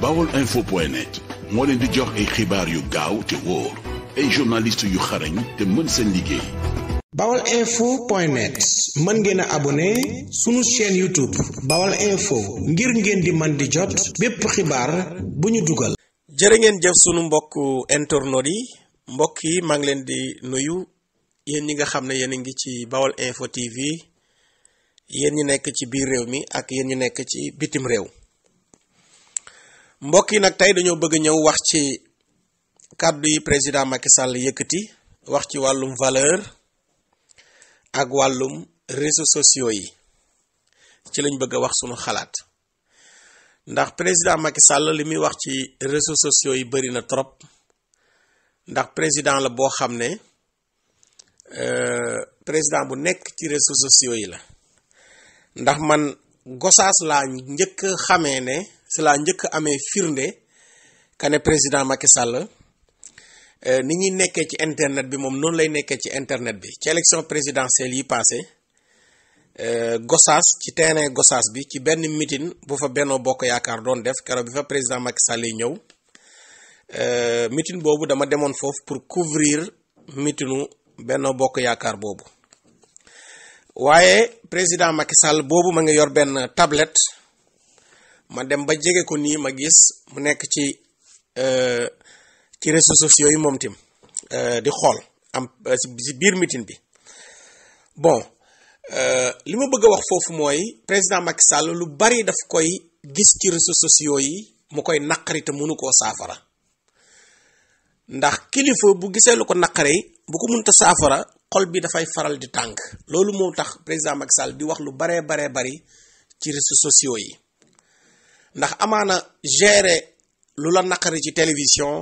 bawol info moo leen di jox ay xibaar yu gaaw te wóor ay journaliste yu xarañ te mën seen liggéey bawal info point net mën ngeen a abonné sunu chaîne youtube bawal info ngir ngeen di man di jot bépp xibaar bu ñu dugal jërë ngeen jëf sunu mbokk internautes yi mbokk yi maa leen di nuyu yéen ñi nga xam ne yéen a ngi ci bawal info tv yéen ñi nekk ci biir réew mi ak yéen ñi nekk ci bitim réew mbokk yi nag tey dañoo bëgg ñëw wax ci kàddu yi président Macky Sall yëkkati wax ci wàllum valeur ak wàllum réseaux sociaux yi ci lañ bëgg a wax sunu xalaat ndax président Macky Sall li muy wax ci réseaux sociaux yi bari na trop ndax président la boo xam ne euh, président bu nekk ci réseaux sociaux yi la ndax man gosaas laa njëkk xamee ne. si la njëkk amee firnde kane président Macky Sall euh, ni ñuy nekkee ci internet bi moom noonu lay nekkee ci internet bi ci élection présidentielle yi passé euh, Gossas ci terrain Gossas bi ci benn meeting bu fa Benno Bokk Yaakaar doon def keroog bi fa président Macky Sall yi ñëw euh, meeting boobu dama demoon foofu pour couvrir meetingu Benno Bokk Yaakaar boobu waaye président Macky Sall boobu ma ngi yor benn tablette ma dem ba jege ko nii ma gis mu nekk ci euh, ci réseaux sociaux yi moom tim euh, di xool am euh, si biir meeting bi bon li ma bëgg a wax foofu mooy président Macky Sall lu bari daf koy gis ci réseaux sociaux yi mu koy naqari te mënu koo saafara ndax kilifa bu gisee lu ko naqari bu ko mënta saafara xol bi dafay faral di tànk loolu moo tax président Macky Sall di wax lu baree baree bari ci réseaux sociaux yi ndax amaana gérer lu la naqari ci télévision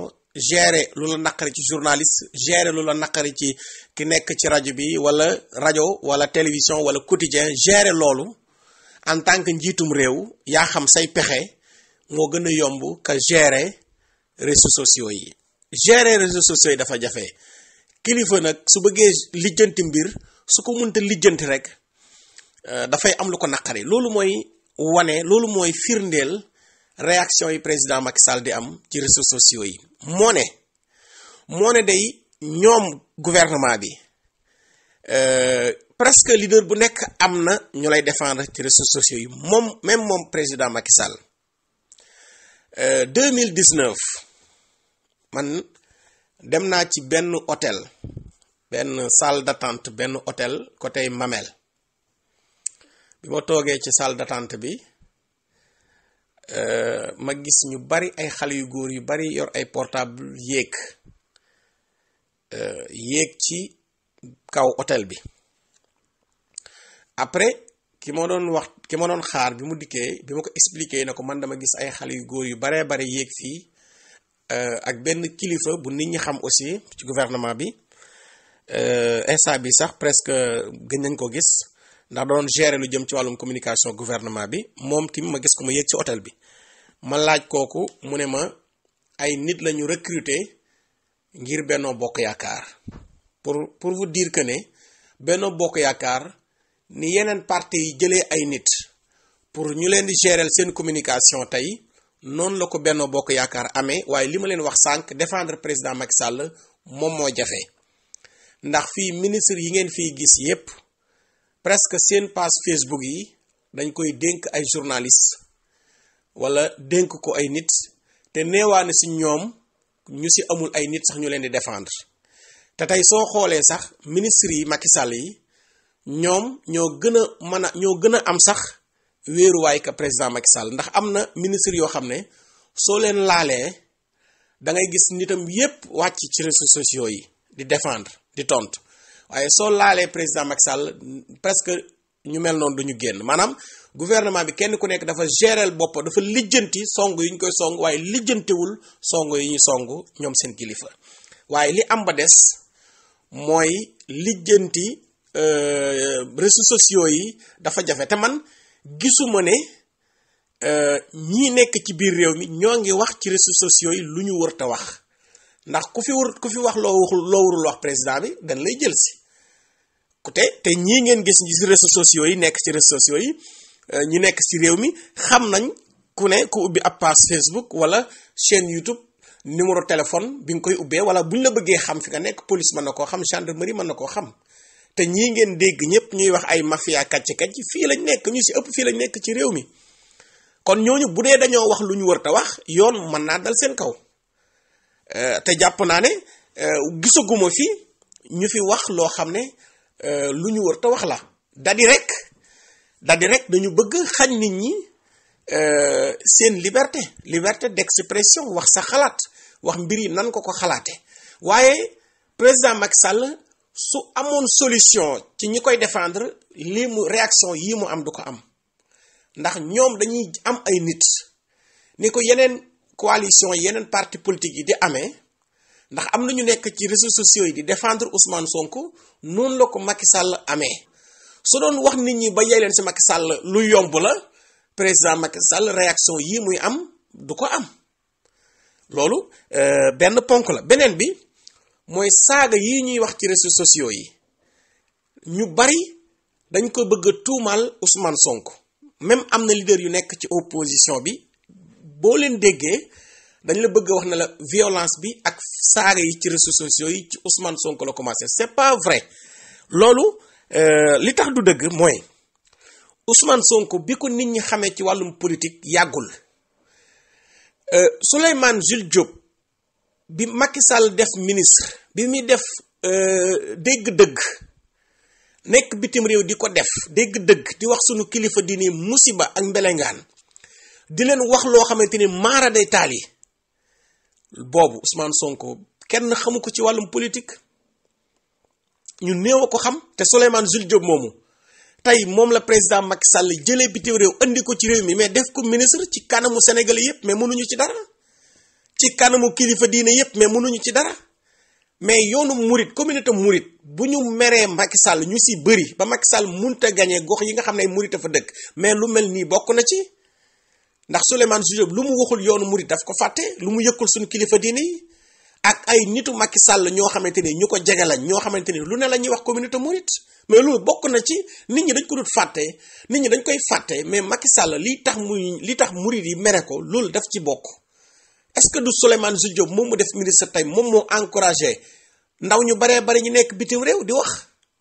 gérer lu la naqari ci journaliste gérer lu la naqari ci ki nekk ci rajo bi wala rajo wala télévision wala quotidien gérer loolu en tant que njiitum réew yaa xam say pexe moo gën a yomb ka gérer réseaux sociaux yi gérer réseaux sociaux yi dafa jafe kilifa nag su bëggee lijjanti mbir su ko mënta lijjanti rek euh, dafay am lu ko naqari loolu mooy wane loolu mooy firndeel réaction yi président Macky Sall di am ci réseaux sociaux yi moo ne moo ne day ñoom gouvernement bi euh, presque leader bu nekk am na ñu lay défendre ci réseaux sociaux yi moom même moom président Macky Sall 2019 euh, man dem naa ci benn hôtel benn salle d'attente benn hôtel côté Mamel bi ma toogee ci salle d'attente bi Euh, ma gis ñu bari ay xale yu góor yu bari yor ay portable yéeg euh, yéeg ci kaw hôtel bi après ki ma doon wax ki ma doon xaar bi mu dikkee bi ma ko expliqué na ko man dama gis ay xale yu góor yu baree bare yéeg fii euh, ak benn kilifa bu nit ñi xam aussi ci gouvernement bi instant bi sax presque gën nañ ko gis ndax doon gérer lu jëm ci wàllum communication gouvernement bi moom tim ma gis ko ma yéeg ci hôtel bi ma laaj kooku mu ne ma ay nit lañu ñu ngir Benno Bokk Yaakaar pour pour vous diir que ne Benno Bokk Yaakaar ni yeneen parti yi jëlee ay nit pour ñu leen di gérer seen communication tey noonu la ko Benno Bokk Yaakaar amee waaye li ma leen wax sànq défendre président Macky Sall moom moo jafe ndax fii ministre yi ngeen fii gis yépp presque seen page Facebook yi dañ koy dénk ay journaliste wala dénk ko ay nit te neewaane si ñoom ñu si amul ay nit sax ñu leen di défendre te tey soo xoolee sax ministre yi Macky yi ñoom ñoo gën a mën a ñoo gën a am sax wéeruwaay ka président Macky ndax am na ministre yoo xam ne soo leen laalee da ngay gis nitam yépp wàcc ci réseaux sociaux yi di défendre di tontu. waaye soo laalee président Macky Sall presque ñu mel noonu du ñu génn maanaam gouvernement bi kenn ku nekk dafa gérer bopp dafa lijjanti song yi ñu koy song waaye lijjantewul song yi ñu songu ñoom seen kilifa waaye li am ba des mooy lijjanti euh, réseaux sociaux yi dafa jafe te man gisuma ne euh, ñi nekk ci biir réew mi ñoo ngi wax ci réseaux sociaux yi lu ñu wër te wax ndax ku fi wur ku fi wax loo waxul loo wax président bi dañ lay jël si ku te ñii ngeen gis ni si réseaux sociaux yi nekk ci réseaux sociaux yi euh, ñi nekk si réew mi xam nañ ku ne ku ubbi ab page Facebook wala chaîne YouTube numéro téléphone bi nga koy ubbee wala buñ la bëggee xam fi nga nekk police mën na koo xam gendarmerie mën na koo xam te ñii ngeen dégg ñëpp ñuy wax ay mafia kàcc kàcc fii lañ nekk ñu si ëpp fii lañ nekk ci réew mi kon ñooñu bu dee dañoo wax lu ñu wër te wax yoon mën naa dal seen kaw. Euh, te jàpp naa ne euh, gisaguma fi ñu fi wax loo xam ne euh, lu ñu war te wax la dadi rek dadi rek dañu bëgg xañ nit ñi seen liberté liberté d'expression wax sa xalaat wax mbir yi nan ko ko xalaate waaye président Macky Sall su amoon solution ci ñi koy défendre lii mu réaction yii mu am du ko am ndax ñoom dañuy am ay nit ni ko yeneen coalition yeneen parti politique yi di amee ndax am na ñu nekk ci réseaux sociaux yi di défendre Ousmane sonk noonu la ko Macky Sall amee su doon wax nit ñi ba yey leen si Macky Sall lu yomb la président Macky Sall réaction yii muy am du ko am loolu euh, benn ponk la beneen bi mooy saaga yi ñuy wax ci réseaux sociaux yi ñu bari dañ ko bëgg a tuumaal Ousmane Sonko même am na leader yu nekk ci opposition bi boo leen déggee dañ la bëgg wax na la violence bi ak saaga yi ci réseaux sociaux yi ci Ousmane sonk la commencé c'est pas vrai loolu euh, li tax du dëgg mooy usman sonk bi ko nit ñi xamee ci wàllum politique yàggul euh, Souleymane Jules Diop bi Macky Sall def ministre bi muy def euh, dégg-dëgg nekk bitim réew di ko def dégg-dëgg di wax sunu kilifa di ni musiba ak mbelengaan di leen wax loo xamante ne maara day taal yi boobu Ousmane Sonko kenn xamu ko ci wàllum politique ñu néew a ko xam te Souleymane Jules Diop moomu tey moom la président Macky Sall jëlee bitim réew indi ko ci réew mi mais def ko ministre ci kanamu Sénégalais yépp mais mënuñu ci dara ci kanamu kilifa diine yépp mais mënuñu ci dara mais yoonu murit communauté murit bu ñu meree Macky Sall ñu si bëri ba Macky Sall munta gañee gox yi nga xam ne murit a fa dëkk mais lu mel nii bokk na ci ndax Souleymane Jules lu mu waxul yoonu murid daf ko fàtte lu mu yëkkul suñu kilifa diine yi ak ay nitu Macky Sall ñoo xamante ni ñu ko jege ñoo xamante ni lu ne la ñuy wax communauté murid mais loolu bokk na ci nit ñi dañ ko dut fàtte nit ñi dañ koy fàtte mais Macky Sall li tax muy li tax murid yi mere loolu daf ci bokk est-ce que du Souleymane Jules Diop moom mu def ministre tey moom moo encouragé ndaw ñu baree bari ñu nekk bitim réew di wax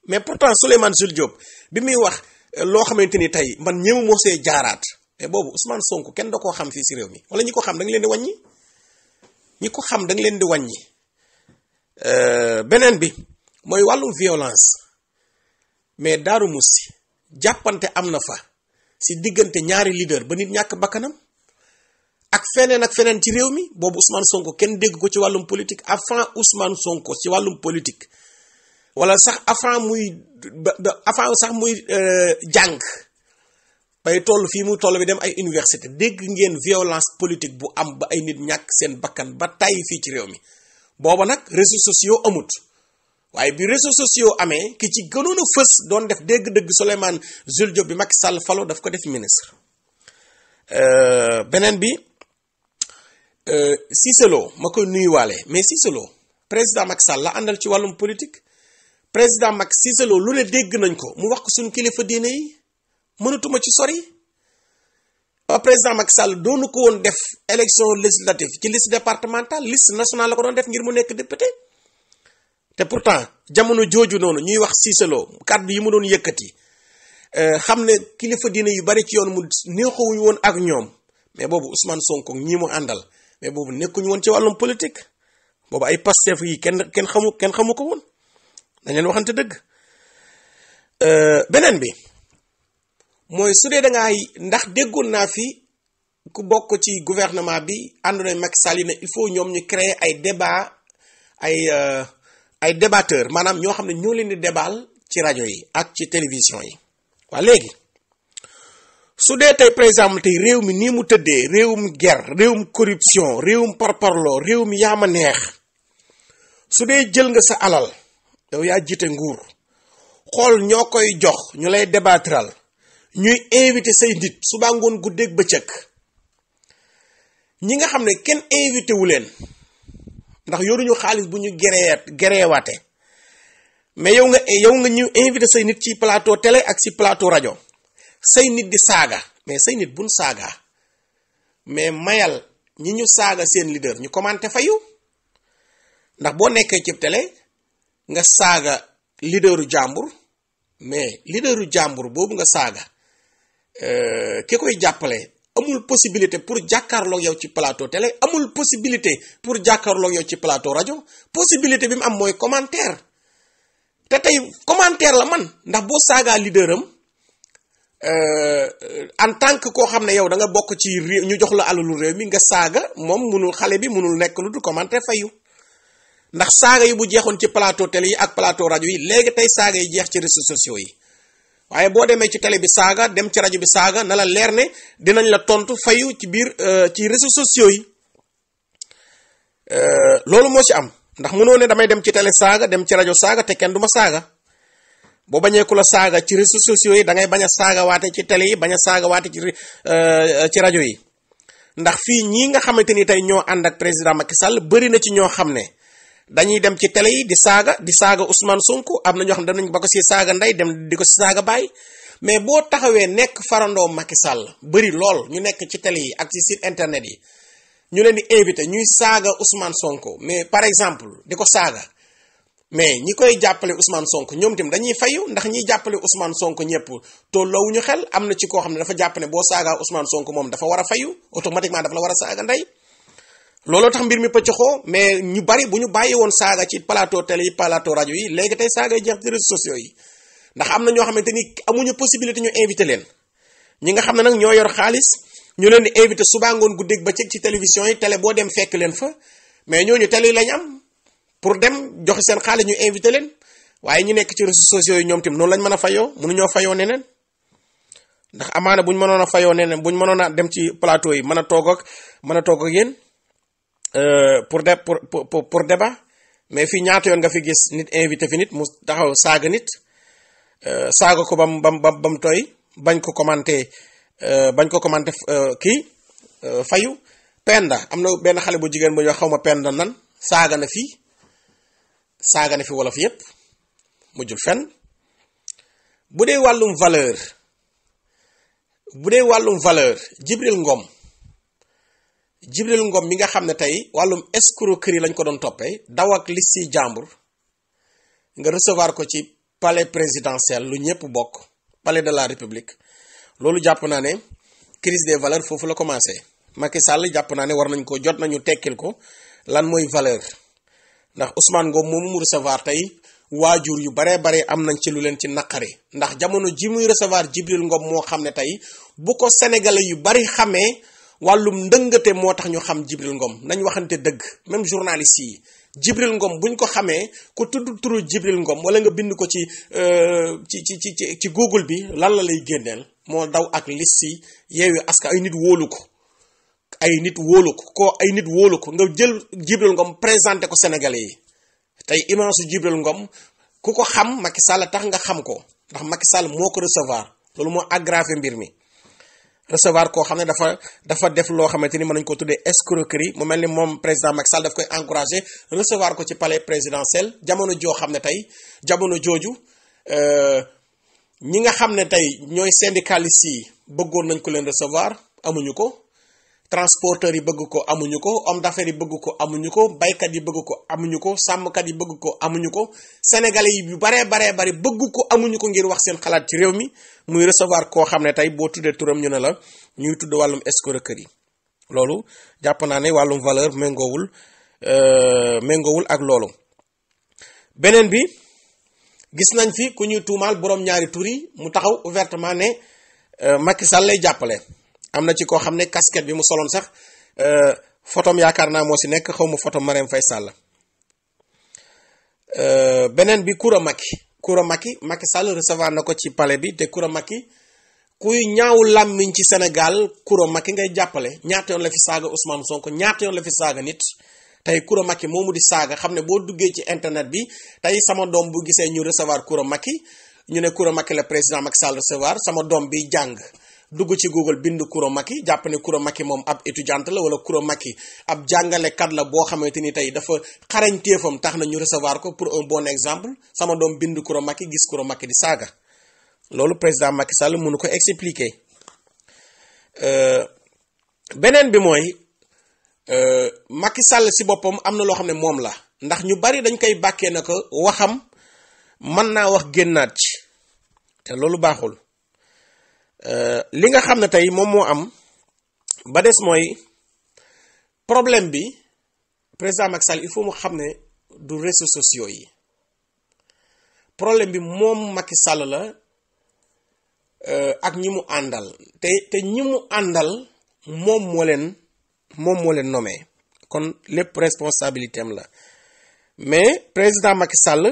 mais pourtant Souleymane Jules Diop bi muy wax eh, loo xamante ni tey man ñëw moo see jaaraat te boobu Ousmane Sonko kenn da koo xam fii si réew mi wala ñi ko xam da nga leen di wàññi ko xam da leen di wàññi euh, beneen bi mooy wàllu violence mais Daaru si jàppante am na fa si diggante ñaari leader ba nit ñàkk bakkanam ak feneen ak feneen ci réew mi boobu Ousmane Sonko kenn dégg ko ci wàllum politique avant Ousmane Sonko ci wàllum politique wala sax avant muy ba avant sax muy euh, jàng bay toll fii mu toll bi dem ay université dégg ngeen violence politique bu am ba ay nit ñàkk seen bakkan ba tàyyi fii ci réew mi booba nag réseaux sociaux amut waaye bi réseaux sociaux amee ki ci gënoon fës doon def dégg-dëgg Souleymane Jules Diop bi Macky Sall falo daf ko def ministre euh, beneen bi euh, Cissé Lo ma koy nuyuwaale mais Cissé président Macky Sall àndal ci wàllum politique président Macky Cissé lu ne dégg nañ ko mu wax ko suñu kilifa diine yi mënatuma ci sori euh, président Macky Sall doonu ko woon def élection législative ci liste départementale liste nationale la ko doon def ngir mu nekk député te pourtant jamono jooju noonu ñuy wax Cissé Lo kàddu yi mu doon yëkkati euh, xam ne kilifa diine yu bari ci yoon mu neexuwuñ woon ak ñoom mais boobu Ousmane Sonko ñii mu àndal mais boobu nekkuñu woon ci wàllum politique boobu ay Pastef yi kenn kenn xamu kenn xamu ko woon dañ leen waxante dëgg euh, beneen bi. mooy su dee da ndax déggoon naa fi ku bokk ci gouvernement bi àndoona Macky Sall yi il faut ñoom ñu créer ay débat ay euh, ay débatteur maanaam ñoo xam ne ñoo leen di débaal ci rajo yi ak ci télévision yi waa léegi su dee tey par exemple tey réew mi nii mu tëddee réewum guerre réewum corruption réewum parparloo réew mi yaa ma neex su dee jël nga sa alal yow yaa jiite nguur xool ñoo koy jox ñu lay débatral ñuy invité say nit suba ngoon guddeeg bëccëg ñi nga xam ne kenn invité wu leen ndax yoruñu xaalis bu ñu gereewaat gereewaate mais yow nga yow nga ñu invité say nit ci plateau télé ak ci plateau rajo say nit di saaga mais say nit buñ saaga mais mayal ñi ñu saaga seen leader ñu commenté fayu ndax boo nekkee ci tele nga saaga leaderu jàmbur mais leaderu jàmbur boobu nga saaga Euh, ki koy jàppale amul possibilité pour jàkkaarloog yow ci plateau tele amul possibilité pour jàkkaarloog yow ci plateau rajo possibilité bi mu am mooy commentaire te tey commentaire la man ndax boo saagaa leader am euh, en tant koo xam ne yow danga bokk ci réew ñu jox la lu réew mi nga saaga moom munul xale bi munul nekk lu du commentaire fayu ndax saaga yi bu jeexoon ci plateau télé yi ak plateau rajo yi léegi tey saaga yi jeex ci réseaux sociaux yi waaye boo demee ci télé bi saaga dem ci rajo bi saaga na la leer ne dinañ la tontu fayu ci biir euh, ci réseaux sociaux yi euh, loolu moo ci am ndax mënoo ne damay dem ci télé saaga dem ci rajo saaga te kenn du ma saaga boo bañee ku la saaga ci réseaux sociaux yi da ngay bañ a saaga waate ci télé yi bañ a saaga waate ci euh, ci rajo yi ndax fii ñii nga xamante ni tey ñoo ànd ak président Macky Sall bëri na ci ñoo xam ne. dañuy dem ci télé yi di saaga di saaga Ousmane Sonko am na ñoo xam ne dem nañ si saaga ndey dem di ko si saaga baay mais boo taxawee nekk farandoo Macky Sall bëri lool ñu nekk ci télé yi ak ci internet yi ñu leen di invité ñuy saaga Ousmane Sonko mais par exemple di ko saaga mais ñi koy jàppale Ousmane Sonko ñoom tam dañuy fayu ndax ñiy jàppale Ousmane Sonko ñëpp tolloowuñu xel am na ci koo xam ne dafa jàpp ne boo saagaa Ousmane Sonko moom dafa war a fayu automatiquement dafa la war a saaga ndey looloo tax mbir mi pëccoxoo mais ñu bari bu ñu bàyyi woon saaga ci plateau télé yi plateau rajo yi léegi tey saaga jeex ci réseaux sociaux yi ndax am na ñoo xamante ni amuñu possibilité ñu invité leen ñi nga xam ne nag ñoo yor xaalis ñu leen di invité subaangoon guddeeg ba ci télévision yi télé boo dem fekk leen fa mais ñooñu yi lañ am pour dem joxe seen xaalis ñu invité leen waaye ñu nekk ci réseaux sociaux yi ñoom tim noonu lañ mën a fayoo mënuñoo fayoo neneen ndax amaana buñ mënoon a fayoo neneen buñ mënoon a dem ci plateau yi mën a toog ak a toog ak yéen Euh, pour de pour pour pour débat mais fii ñaata yoon nga fi gis nit invité fi nit mu taxaw saaga nit euh, saaga ko bam bam bam tooy bañ ko commenté euh, bañ ko commenté kii fayu penda am na benn xale bu jigéen bu ñoo xaw ma penda nan saaga na fii saaga na fi wolof yépp mujjul fen bu dee wàllum valeur bu dee wàllum valeur Jibril Ngom Jibril Ngom mi nga xam ne tey wàllum escroquerie lañ ko doon toppee daw ak listi jàmbur nga recevoir ko ci palais présidentiel lu ñëpp bokk palais de la république loolu jàpp naa ne crise des valeurs foofu la commencé Macky Sall jàpp naa ne war nañ ko jot nañu tekkil ko lan mooy valeur ndax Ousmane Ngom moomu mu recevoir tey waajur yu baree bare am nañ ci lu leen ci naqari ndax jamono ji muy recevoir Jibril Ngom moo xam ne tey bu ko sénégalais yu bari xamee. wàllum ndëngate moo tax ñu xam Jibril Ngom nañ waxante dëgg même journaliste yi Jibril Ngom buñ ko xamee ku tudd turu Jibril Ngom wala nga bind ko ci euh, ci ci ci ci Google bi lan la lay génneel moo daw ak liste yi yeewu aska ay nit wóolu ko ay nit wóolu ko koo ay nit wóolu ko nga jël Jibril Ngom présenté ko Sénégalais yi tey image su Jibril Ngom ku ko xam Macky Sall tax nga xam ko ndax Macky Sall moo ko recevoir loolu moo aggravé mbir mi. recevoir koo xam ne dafa dafa def loo xamante ni mën nañ koo tuddee escroquerie mu mel ni moom président Macky Sall daf koy encouragé recevoir ko ci palais présidentiel jamono joo xam ne tey jamono jooju euh, ñi nga xam ne tey ñooy syndicalistes yi bëggoon nañ ko leen recevoir amuñu ko transporteurs yi bëgg ko amuñu ko homme d'affaires yi bëgg ko amuñu ko baykat yi bëgg ko amuñu ko sàmmkat yi bëgg ko amuñu ko sénégalais yi yu baree baree bari bëgg ko amuñu ko ngir wax seen xalaat ci réew mi muy recevoir koo xam ne tey boo tuddee turam ñu ne la ñuy tudd wàllum escroquerie loolu jàpp naa ne wàllum valeur méngoowul euh, méngoowul ak loolu beneen bi gis nañ fi ku ñuy tuumaal boroom ñaari tur mu taxaw ouvertement ne euh, Macky Sall lay jàppale am na ci koo xam ne casquette bi mu soloon sax euh, photom yaakaar naa moo si nekk xaw ma photom Marème fay Sall euh, beneen bi kura Macky Koura Macky Macky Sall na ko ci palais bi te Koura Macky kuy ñaaw làmmiñ ci Sénégal Koura Macky ngay jàppale ñaata yoon la fi saaga Ousmane Sonko ñaata yoon la fi saaga nit tey Koura Macky moomu di saaga xam ne boo duggee ci internet bi tey sama doom bu gisee ñu recevoir Koura Macky ñu ne Koura Macky la président Macky Sall recevoir sama doom bi jàng dugg ci google bind Coura Macky jàpp ne Coura Macky moom ab étudiante la wala Coura Macky ab jàngalekat la boo xamante ni tey dafa xarañteefam tax na ñu recevoir ko pour un bon exemple sama doom bind Coura Macky gis Coura Macky di saaga loolu président Macky Sall mënu ko expliquer euh, beneen bi mooy euh, Macky Sall si boppam am na loo xam ne moom la ndax ñu bari dañ koy bàkkee na ko waxam mën naa wax génnaat ci te loolu baaxul. Euh, li nga xam ne tey moom moo am ba des mooy problème bi président mack Sall il faut mu xam ne du réseaux sociaux yi problème bi moom Macky Sall la euh, ak ñi mu àndal te te ñi mu àndal moom moo leen moom moo leen nommé kon lépp responsabilité am la mais président Macky Sall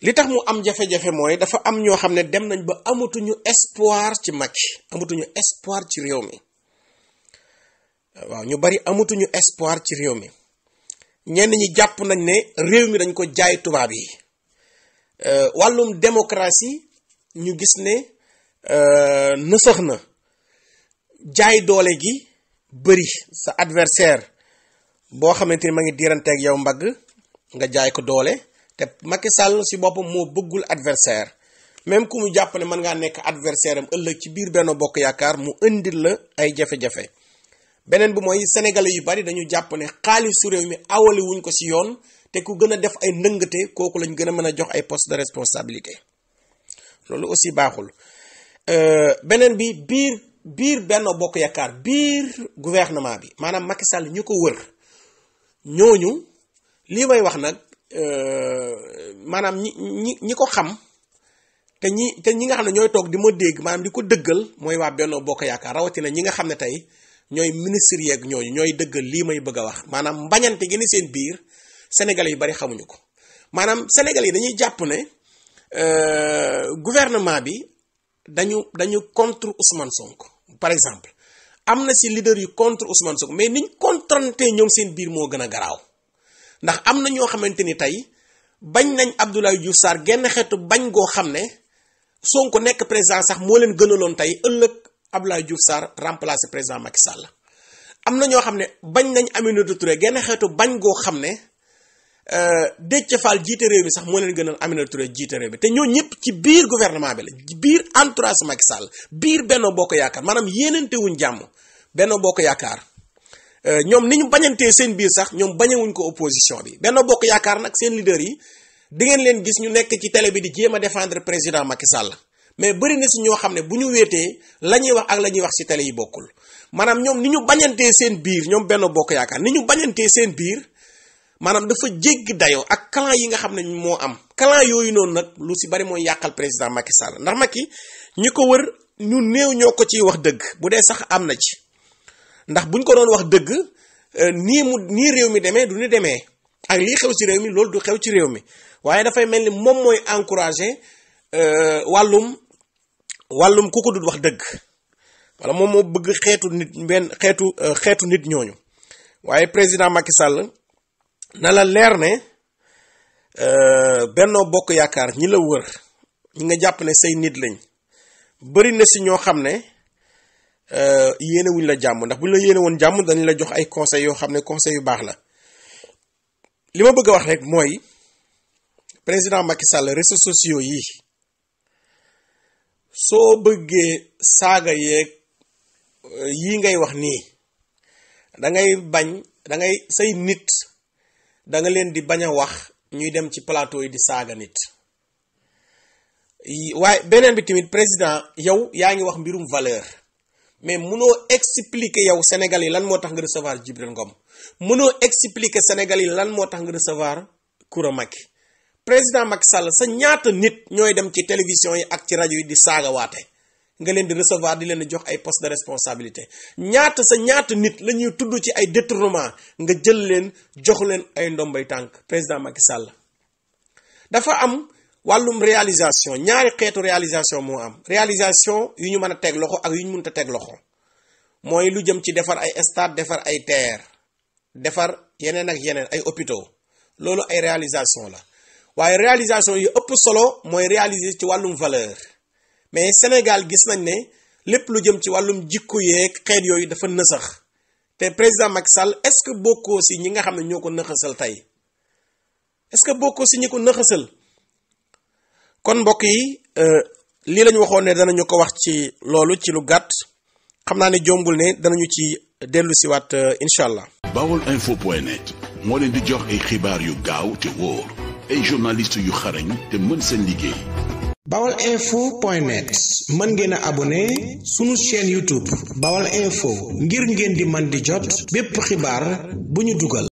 li tax mu am jafe-jafe mooy dafa am ñoo xam ne dem nañ ba amatuñu espoir ci mag amatuñu espoir ci réew mi waaw ñu bari amatuñu espoir ci réew mi ñenn ñi jàpp nañ ne réew mi dañ ko jaay tubaab yi euh, wàllum démocratie ñu gis ne euh, nësax na jaay doole gi bëri sa adversaire boo xamante ni ma ngi diiranteeg yow mbagg nga jaay ko doole te Macky Sall si boppam moo bëggul adversaire même ku mu jàpp man mën ngaa nekk adversaire am ëllëg ci biir Benno Bokk Yaakaar mu indil la ay jafe beneen bi mooy sénégalais yu bari dañu jàpp ne xaalisu réew mi awali ko si yoon te ku gën a def ay ndëngate kooku lañ gën a mën a jox ay poste de responsabilité loolu aussi baaxul euh, beneen bi biir biir Benno Bokk Yaakaar biir gouvernement bi maanaam Macky Sall ñu ko wër ñooñu lii may wax nag Euh, maanaam ñi ñi ñi ko xam te ñi te ñi nga xam ne ñooy toog di ma dégg maanaam di ko dëggal mooy waa Benno Bokk Yaakaar rawatina ñi nga xam ne tey ñooy ministre yeeg ñooñu ñooy dëggal lii may bëgg a wax maanaam mbañante gi ne seen biir sénégal yu bari xamuñu ko maanaam sénégal yi dañuy jàpp ne euh, gouvernement bi dañu dañu contre Ousmane sonk par exemple am na si leader yu contre usman Sonko mais niñ contrante ñoom seen biir moo gën a garaaw ndax am na ñoo xamante ni tey bañ nañ Abdoulaye Diouf saar genn xeetu bañ goo xam ne ko nekk président sax moo leen gënaloon tey ëllëg Abdoulaye Diouf Sarr remplacé président Macky la am na ñoo xam ne bañ nañ Aminata Touré genn xeetu bañ goo xam ne euh, Déthié Fall jiite réew mi sax moo leen gënal Aminata Touré jiite réew mi te ñoo ñëpp ci biir gouvernement bi la biir entourage Macky Sall biir Benno Bokk Yaakaar maanaam yéenante wuñ jàmm Benno Bokk Yaakaar Euh, ñoom ni ñu bañantee seen biir sax ñoom bañewuñ ko opposition bi benn bokk yaakaar nag seen leader yi dingeen leen gis ñu nekk ci télé bi di jéem a défendre président Macky Sall mais bëri na si ñoo xam ne bu ñu wéetee la ñuy wax ak la ñuy wax si télé yi bokkul maanaam ñoom ni ñu bañantee seen biir ñoom benn bokk yaakaar ni ñu bañantee seen biir maanaam dafa jéggi dayoo ak clan yi nga xam ne moo am clan yooyu noonu nag lu si bari mooy yàqal président Macky Sall ndax Macky ñi ko wër ñu néew ñoo ko ciy wax dëgg bu dee sax am na ci ndax buñ ko doon wax dëgg euh, nii mu nii réew mi demee du ñu demee ak lii xew si réew mi loolu du xew ci réew mi waaye dafay mel ni moom mooy encourager euh, wàllum wàllum ku ko dul wax dëgg wala moom moo bëgg xeetu nit benn xeetu euh, xeetu nit ñooñu waaye président Macky Sall na la leer ne Benno Bokk Yaakaar ñi la wër ñi nga jàpp ne say nit lañ bëri na si ñoo xam ne. Euh, yéene wuñ la jàmm ndax buñ la yéenewoon woon jàmm dañ la jox ay conseil yoo xam ne conseils yu baax la li ma bëgg a wax rek mooy président Macky Sall réseaux sociaux yi soo bëggee saaga yeeg euh, yii ngay wax nii da ngay bañ dangay ngay say nit danga leen di bañ a wax ñuy dem ci plateau yi di saaga nit waaye beneen bi tamit président yow yaa ngi wax mbirum valeur mais munoo expliquer yow Sénégal yi lan moo tax nga recevoir Djibril Ngom munoo expliquer Sénégal yi lan moo tax nga recevoir Coura Macky président Macky Sall sa ñaata nit ñooy dem ci télévision yi ak ci rajo yi di saagawaate nga leen di recevoir di leen di jox ay poste de responsabilité ñaata sa ñaata nit la ñuy tudd ci ay détournement nga jël leen jox leen ay ndombay tànk président Macky Sall dafa am wàllum réalisation ñaari xeetu réalisation moo am réalisation yu ñu mën a teg loxo ak yu ñu mun a teg loxo mooy lu jëm ci defar ay stade defar ay terre defar yeneen ak yeneen ay hôpitaux loolu ay réalisation la waaye réalisation yu ëpp solo mooy réaliser ci wàllum valeur mais Sénégal gis nañ ne lépp lu jëm ci wàllum jikko yeeg xeet yooyu dafa nësax te président Macky Sall est-ce que bokkoo si ñi nga xam ne ñoo ko nëxasal tey est-ce que bokkoo si ñi ko nëxasal kon mbokk yi euh, lii lañu waxoon ne danañu ko wax ci loolu ci lu gàtt xam naa ne jombul ne danañu ci dellu siwaat euh, incha allah. bawol info point net moo leen di jox ay xibaar yu gaaw te wóor ay journalistes yu xarañ te mën seen liggéey. bawal info point net mën ngeen a abonné sunu chaîne YouTube bawal info ngir ngeen di man di jot bépp xibaar bu ñu dugal.